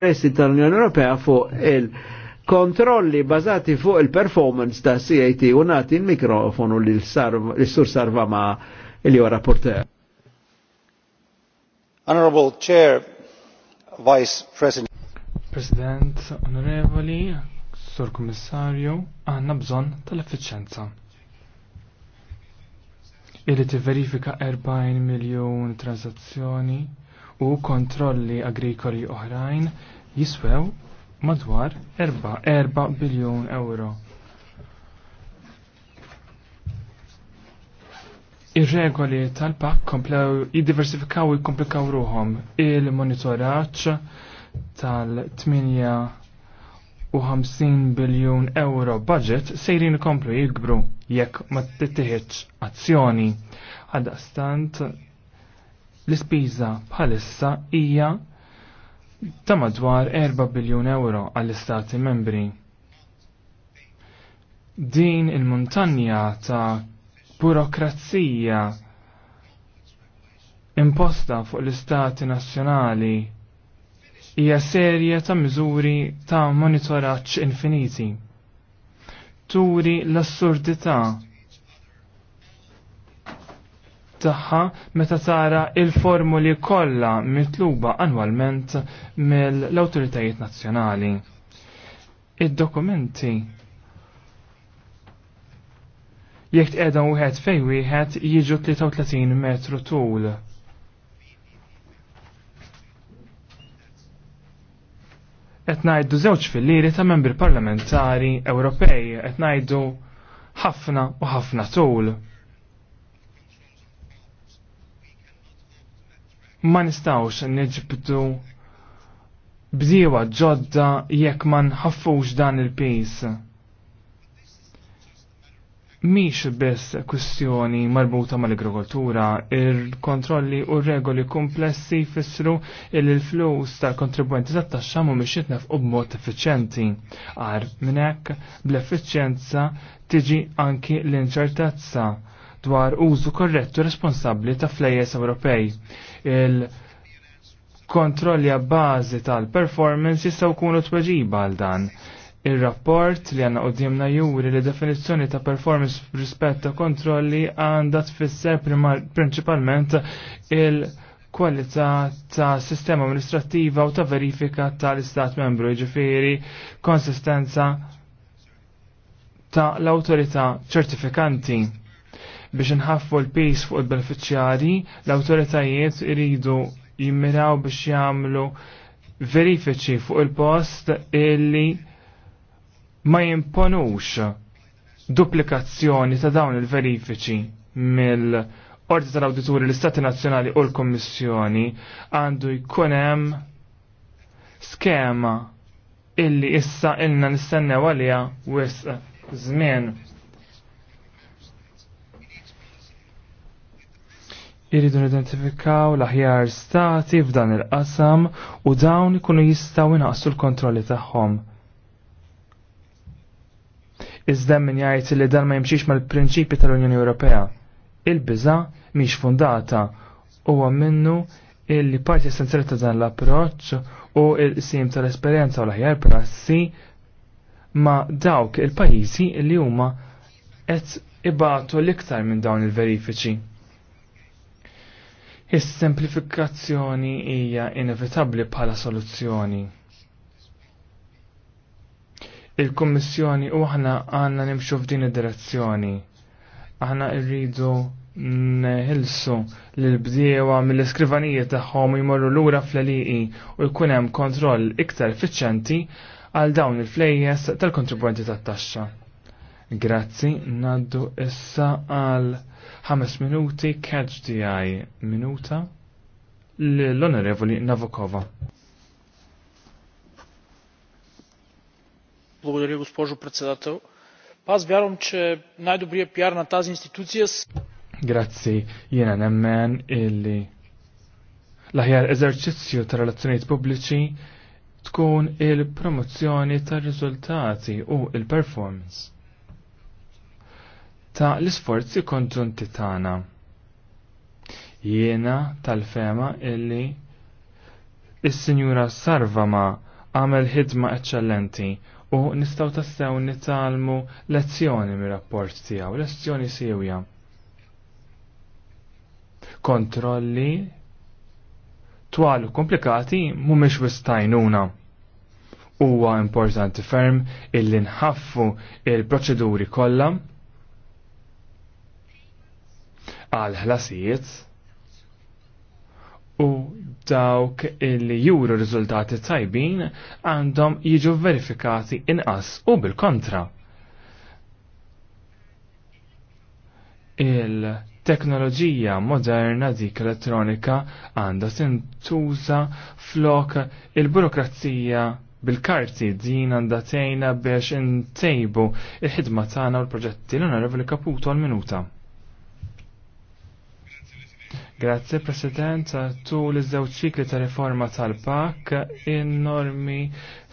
interessi tal-Unjoni Ewropea fuq il-kontrolli bazati fuq il-performance ta' CAT u nati il-mikrofonu li l-sur sarva ma' il-li rapporter. Honorable Chair, Vice President. President, onorevoli, Sur Kommissarju, għanna bżon tal-effiċenza. Irrid verifika 40 miljon transazzjoni u kontrolli agrikoli oħrajn jiswew madwar 4 biljun euro. Ir-regoli tal-pak komplew jiddiversifikaw u jkomplikaw ruhom il-monitoraġġ tal-58 biljun euro budget sejrin komplu jikbru jekk ma tittieħedx azzjoni. stant L-ispiża bħalissa hija ta' madwar 4 biljun euro għall-istati membri. Din il muntanja ta' burokrazija imposta fuq l-istati nazzjonali hija serje ta' miżuri ta' monitoraġġ infiniti. Turi l-assurdità taħħa meta tara il-formuli kollha mitluba annwalment mill-awtoritajiet nazzjonali. Id-dokumenti jekk qiegħda wieħed fejn wieħed jiġu 33 metru tul. Qed ngħidu żewġ fil-liri ta' membri parlamentari Ewropej, qed ngħidu ħafna u ħafna tul. ma nistawx niġbdu bdiewa ġodda jekk ma nħaffux dan il pejs Miex biss kwestjoni marbuta mal-agrikoltura, il-kontrolli u regoli komplessi jfissru il flus tal-kontribwenti tat-taxxa mhumiex jitnefqu b'mod effiċjenti. Għar minn hekk bl-effiċjenza tiġi anki l-inċertezza dwar użu korrettu responsabbli ta' flejjes Ewropej. Il-kontrolli bażi tal-performance jistgħu jkunu tweġiba għal dan. Il-rapport li għanna qoddimna juri li definizzjoni ta' performance rispett ta' kontrolli għanda tfisser principalment il-kwalità ta' sistema amministrativa u ta' verifika tal-istat membru, ġifiri konsistenza ta' l-autorità ċertifikanti. Biex nħaffu l-pis fuq il-beneficjari, l-autoritajiet iridu jimmiraw biex jagħmlu verifiċi fuq il-post illi ma jimponux duplikazzjoni ta' dawn il-verifiċi mill- Ordi tal-Awdituri l-Istati Nazzjonali u l-Kommissjoni għandu jkunem skema illi issa ilna nistennew għalija wis żmien. Irridu identifikaw l-aħjar stati f'dan il-qasam u dawn ikunu jistaw inaqsu l-kontrolli tagħhom. Iżda min jgħid li dan ma jimxiex mal-prinċipi tal-Unjoni Ewropea. Il-biża mhix fundata huwa minnu illi parti essenzjali ta' dan l-approċċ u l isim tal-esperjenza u l-aħjar prassi ma' dawk il-pajjiżi li huma qed ibatu l-iktar minn dawn il-verifiċi. Is-semplifikazzjoni hija inevitabbli bħala soluzzjoni. Il-Kummissjoni u aħna għandna nimxu f'din id-direzzjoni. Aħna rridu nħilsu l-bdiewa mill-iskrivanijiet tagħhom jmorru lura fl-liqi u jkun hemm kontroll iktar effiċjenti għal dawn il-flejjes tal-kontribwenti tat-taxxa. Grazzi, naddu issa għal 5 minuti catch di minuta l-onorevoli Navokova. Благодаря, госпожо председател. Аз вярвам, че най-добрият пиар на тази институция... Граци, jena nemmen illi l-aħjar eżerċizzju ta' relazzjonijiet pubbliċi tkun il-promozzjoni ta' riżultati u il-performance ta' l-isforzi konġunti tagħna. Jiena tal-fema illi is-Sinjura Sarvama għamel ħidma eċċellenti u nistaw tassew nitalmu lezzjoni mir-rapport tiegħu, lezzjoni sewja. Kontrolli twal komplikati mhumiex wistajnuna huwa importanti ferm illi nħaffu il-proċeduri kollha għal ħlasijiet u dawk illi juru riżultati tajbin għandhom jiġu verifikati inqas u bil-kontra. Il-teknoloġija moderna dik elettronika għandha tintuża flok il-burokrazija bil-karti din għandha tgħinha biex intejbu il-ħidma tagħna u l-proġetti l-onorevoli Kaputo għal-minuta. Grazzi President, tu li żewġ ċikli ta' riforma tal-PAK in-normi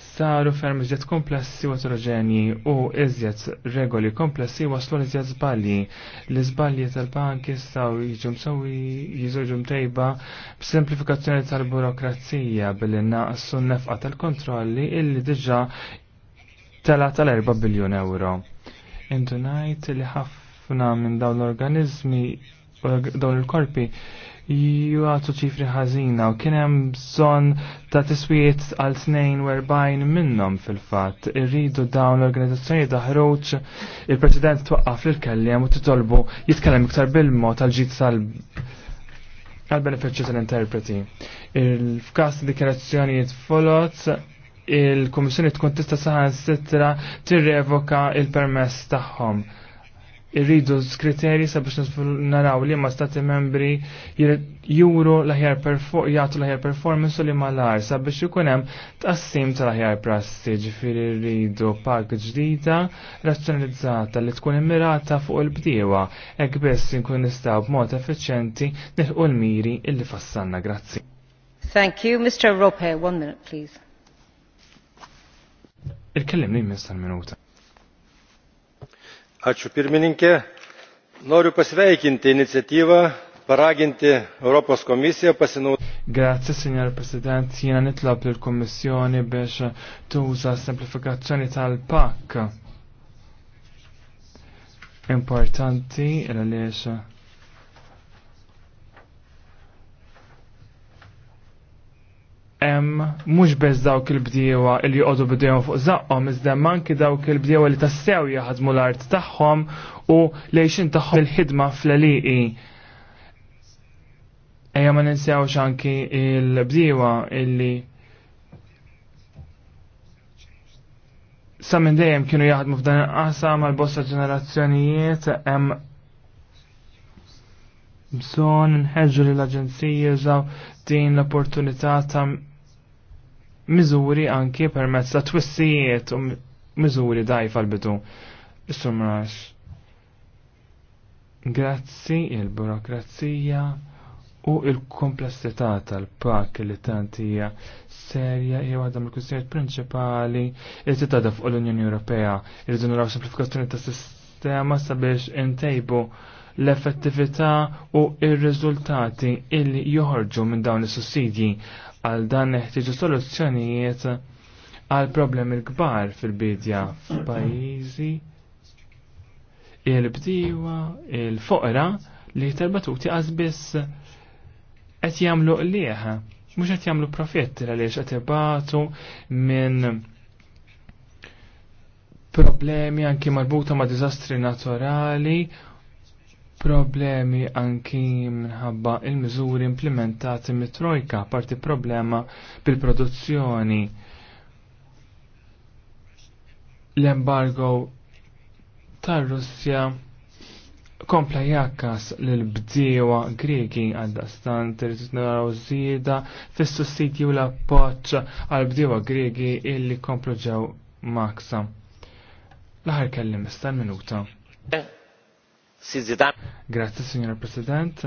saru ferm iżjed komplessi u eterogenji u iżjed regoli komplessi waslu iżjed żbalji. L-iżbalji tal-PAK jistgħu jiġu msewwi jiżu mtejba simplifikazzjoni tal-burokrazija billi naqsu nefqa tal-kontrolli illi diġà tela tal-4 biljun euro. Intu ngħid li ħafna minn dawn l-organizmi dawn il-korpi jgħatu ċifri ħażina u kien hemm bżonn ta' tiswiet għal erbajn minnhom fil-fatt. Irridu dawn l-organizzazzjoni daħroċ il-President twaqqaf lil kellem u titolbu jitkellem iktar bil-mod tal ġit sal beneficju tal-interpreti. Il-fkas dikjerazzjonijiet jitfolot il-Komissjoni tkun tista' saħan sittra tirrevoka il-permess tagħhom irridu skriterji sabiex naraw li ma stati membri juru l-ħjar jgħatu l-ħjar performance u li malar sabiex ikun hemm tassim tal aħjar prassi ġifieri rridu park ġdida razzjonalizzata li tkun immirata fuq il-bdiewa hekk biss inkun nistgħu b'mod effiċjenti nilħu l-miri illi fassanna grazzi. Thank you, Mr. Rope. One minute, please. Il-kellim li minuta noriu pasveikinti iniciatyvą paraginti europos komisiją pasinaudoti. Grazie signor President, nitlob lill biex tuża semplifikazzjoni tal Importanti għaliex hemm mhux biss dawk il-bdiewa li jqogħdu bdejhom fuq zaqqom, iżda manki dawk il-bdiewa li tassew jaħdmu l-art tagħhom u lejxin tagħhom il-ħidma fl liqi Ejja ma ninsewx anki il-bdiewa illi sa minn dejjem kienu jaħdmu f'dan il-qasam l bosta ġenerazzjonijiet hemm bżon nħedġu li l-Aġenzija din l-opportunità ta' miżuri anki permezz ta' twissijiet u miżuri dajfa l-bidu. is Grazzi il-burokrazija u il-komplessità tal-pak li tantija serja jew għadha mill-kwistjonijiet prinċipali li titada fuq l-Unjoni Ewropea irridu naraw simplifikazzjoni tas-sistema sabiex intejbu l-effettività u il riżultati illi joħorġu minn dawn is-sussidji għal dan neħtieġu soluzzjonijiet għal problemi l-kbar fil-bidja f'pajjiżi il-bdiewa, il-foqra li terbatuti għazbiss qed jagħmlu qlieħ, mhux qed jagħmlu profitti għaliex qed ibatu minn problemi anki marbuta ma' dizastri naturali problemi anki minħabba il-miżuri implementati mit-trojka, parti problema bil-produzzjoni. L-embargo tar-Russja kompla jakkas l-bdiewa stant, għaddastan territorju zida fis-sussidju l-appoċ għal-bdiewa griegi illi komplu ġew maksa. l kellim, istan minuta. Eh, Sizzidan. Grazie, signora President.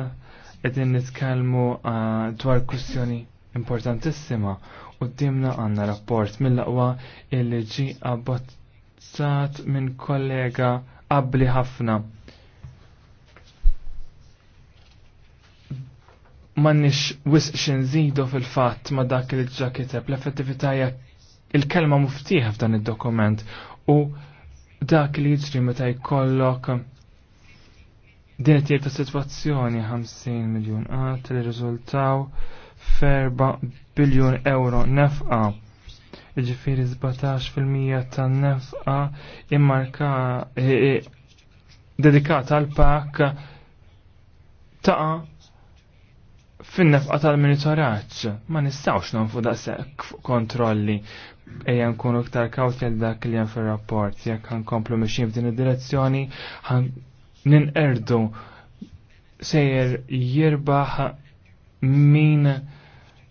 nitkellmu uh, ah, dwar kwestjoni importantissima u dimna għanna rapport mill-laqwa illi ġi abbozzat minn kollega qabli ħafna. Mannix wisq xinżidu fil-fatt ma dak li ġa kiteb l-effettività il-kelma muftiħa f'dan id-dokument u dak li jiġri meta jkollok Din qed situazzjoni sitwazzjoni 50 miljun għat li riżultaw ferba biljun euro nefqa. Ġifiri 17% tan nefqa immarka dedikata għal pak ta' fin-nefqa tal-monitoraċ. Ma nistawx nonfu daqshekk kontrolli ejja nkunu ktar kawti għal dak li hemm fir-rapport għan komplu mixin f'din id-direzzjoni ninqerdu sejjer jirbaħ min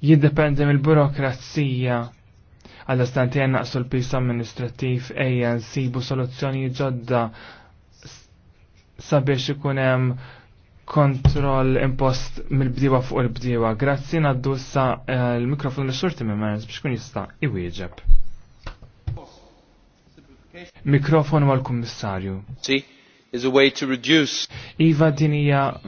jiddependi mill-burokrazija għalda stanti naqsu l-pis amministrativ ejja nsibu soluzzjoni ġodda sabiex ikun hemm kontroll impost mill-bdiewa fuq il-bdiewa. Grazzi naddu sa eh, l-mikrofon li xorti minn biex kun jista' iwieġeb. Mikrofon għal-kummissarju. Si, is a way to reduce. Iva din hija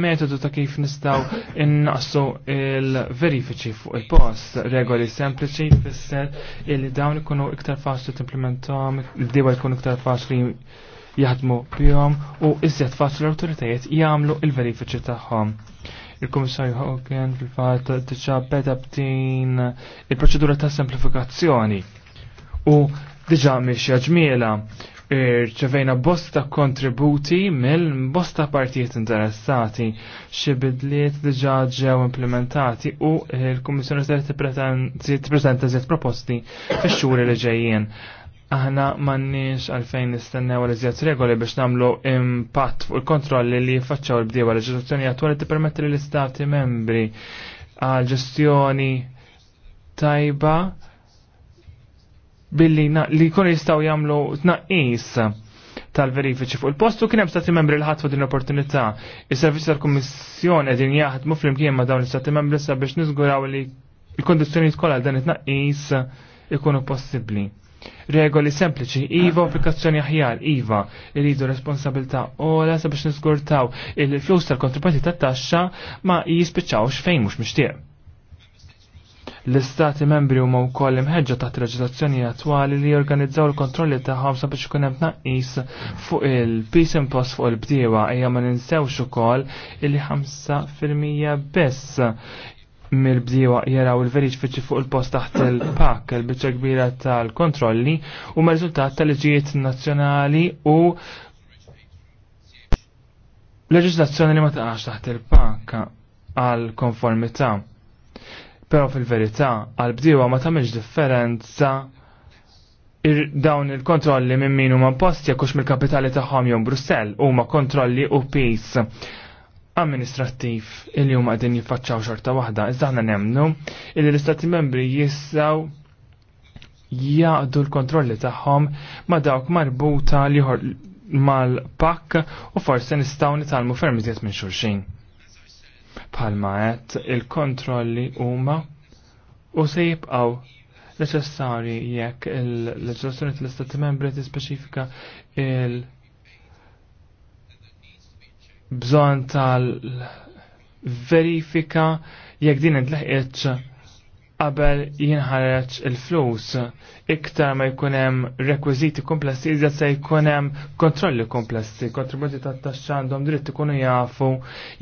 metodu ta' kif nistgħu innaqsu il-verifiċi fuq il-post, regoli sempliċi fisser li dawn ikunu iktar faċli timplementom, il-diba jkunu iktar faċli jaħdmu bihom u iżjed faċli l-awtoritajiet jagħmlu il-verifiċi tagħhom. Il-Kummissarju Hogan fil-fatt diġà beda b'din il-proċedura ta' semplifikazzjoni u diġà mhix ġmiela irċevejna bosta kontributi mill bosta partijiet interessati xi bidliet diġà ġew implementati u l-Kummissjoni se tippreżenta żiet proposti fix-xhur li ġejjin. Aħna m'għandniex għalfejn nistennew għal żjed regoli biex nagħmlu impatt fuq il-kontrolli li jfaċċaw l-bdiewa leġiżlazzjoni attwali tippermetti lill istati membri għal ġestjoni tajba billi li kun jistaw jamlu tnaqqis tal-verifiċi fuq il-postu kien hemm stati membri l ħatfu din l-opportunità. Is-servizzi tal-Kummissjon qegħdin jaħdmu flimkien ma' dawn l-istati membri sabiex niżguraw li l-kondizzjonijiet kollha dan it-tnaqqis ikunu possibbli. Regoli sempliċi, iva applikazzjoni aħjar, iva, irridu responsabilta ola sabiex nisgurtaw il-flus tal kontribuenti tat-taxxa ma jispiċċawx fejn mhux mixtieq. L-istati membri huma wkoll imħeġġa taħt leġislazzjoni attwali li jorganizzaw il-kontrolli tagħhom sabiex ikun hemm tnaqqis fuq il-peace impost fuq il-bdiewa ejja ma ninsewx ukoll illi 5% biss mill-bdiewa jaraw il-verifiċi fuq il-post taħt il-pak, il biċċa kbira tal-kontrolli u ma' riżultat tal-liġijiet nazzjonali u leġislazzjoni li ma taqax taħt il-pak għal konformità. Pero fil-verità, għal-bdiewa ma tagħmilx differenza dawn il-kontrolli minn min huma post jekkux mill-kapitali tagħhom jew Brussell huma kontrolli u pis amministrattiv illi huma qegħdin jiffaċċaw xorta waħda. Iżda aħna nemnu illi l-Istati Membri jistgħu jaqdu l-kontrolli tagħhom ma dawk marbuta li mal-pakk u forse nistgħu nitalmu fermiżiet minn xulxin. Palma għet il-kontrolli huma u se jibqaw necessari jekk il-leġislazzjoni tal-Istati Membri tispeċifika il- bżon tal-verifika jekk din intlaħqitx qabel jinħareġ il-flus. Iktar ma jkunem rekwiziti komplessi, iżda se jkunem kontrolli komplessi, kontributi ta' taxxa għandhom dritt ikunu jafu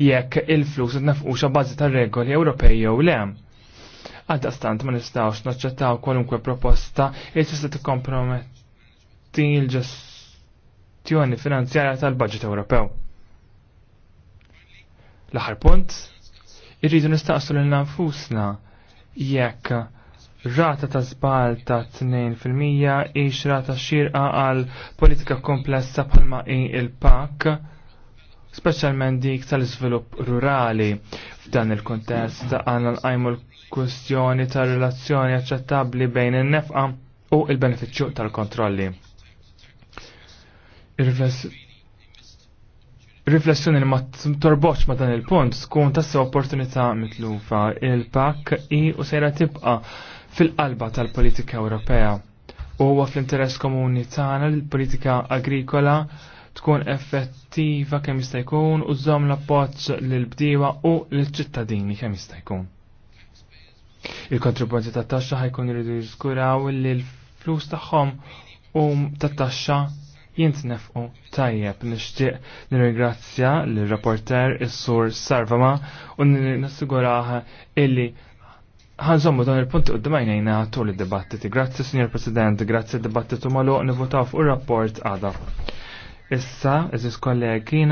jekk il-flus id-nafquxa bazi ta' regoli Ewropej jew le. Għadda stant ma nistawx naċċettaw kwalunkwe proposta li tista' tikkomprometti l-ġestjoni finanzjarja tal-budget Ewropew. L-aħħar punt, irridu nistaqsu lil nafusna jekk rata ta' zbal ta' 2% ix rata xirqa għal politika komplessa bħalma il-pak, specialment dik tal-izvilupp rurali. F'dan il-kontest għanna nqajmu l-kwestjoni ta' relazzjoni aċċettabbli bejn in-nefqa u il-benefiċċju tal-kontrolli riflessjoni li ma torboċ ma dan il-punt tkun tassa opportunità mitlufa il-pak i u sejra tibqa fil-qalba tal-politika Ewropea. U huwa fl-interess komuni tagħna li l-politika agrikola tkun effettiva kemm jista' jkun u żomm l-appoġġ lill-bdiewa u lill-ċittadini kemm jista' jkun. Il-kontribuenti tat-taxxa ħajkun iridu jiżguraw li l-flus tagħhom u tat-taxxa nefqu tajjeb. Nixtieq nirringrazzja l-rapporter is-sur Sarvama u nassiguraha illi ħanżommu dan il-punti u d-dimajnejna tul id-dibattiti. Grazzi, Signor President, grazzi l dibattitu maluq nivotaw fuq il-rapport għada. Issa, eżis kollegina.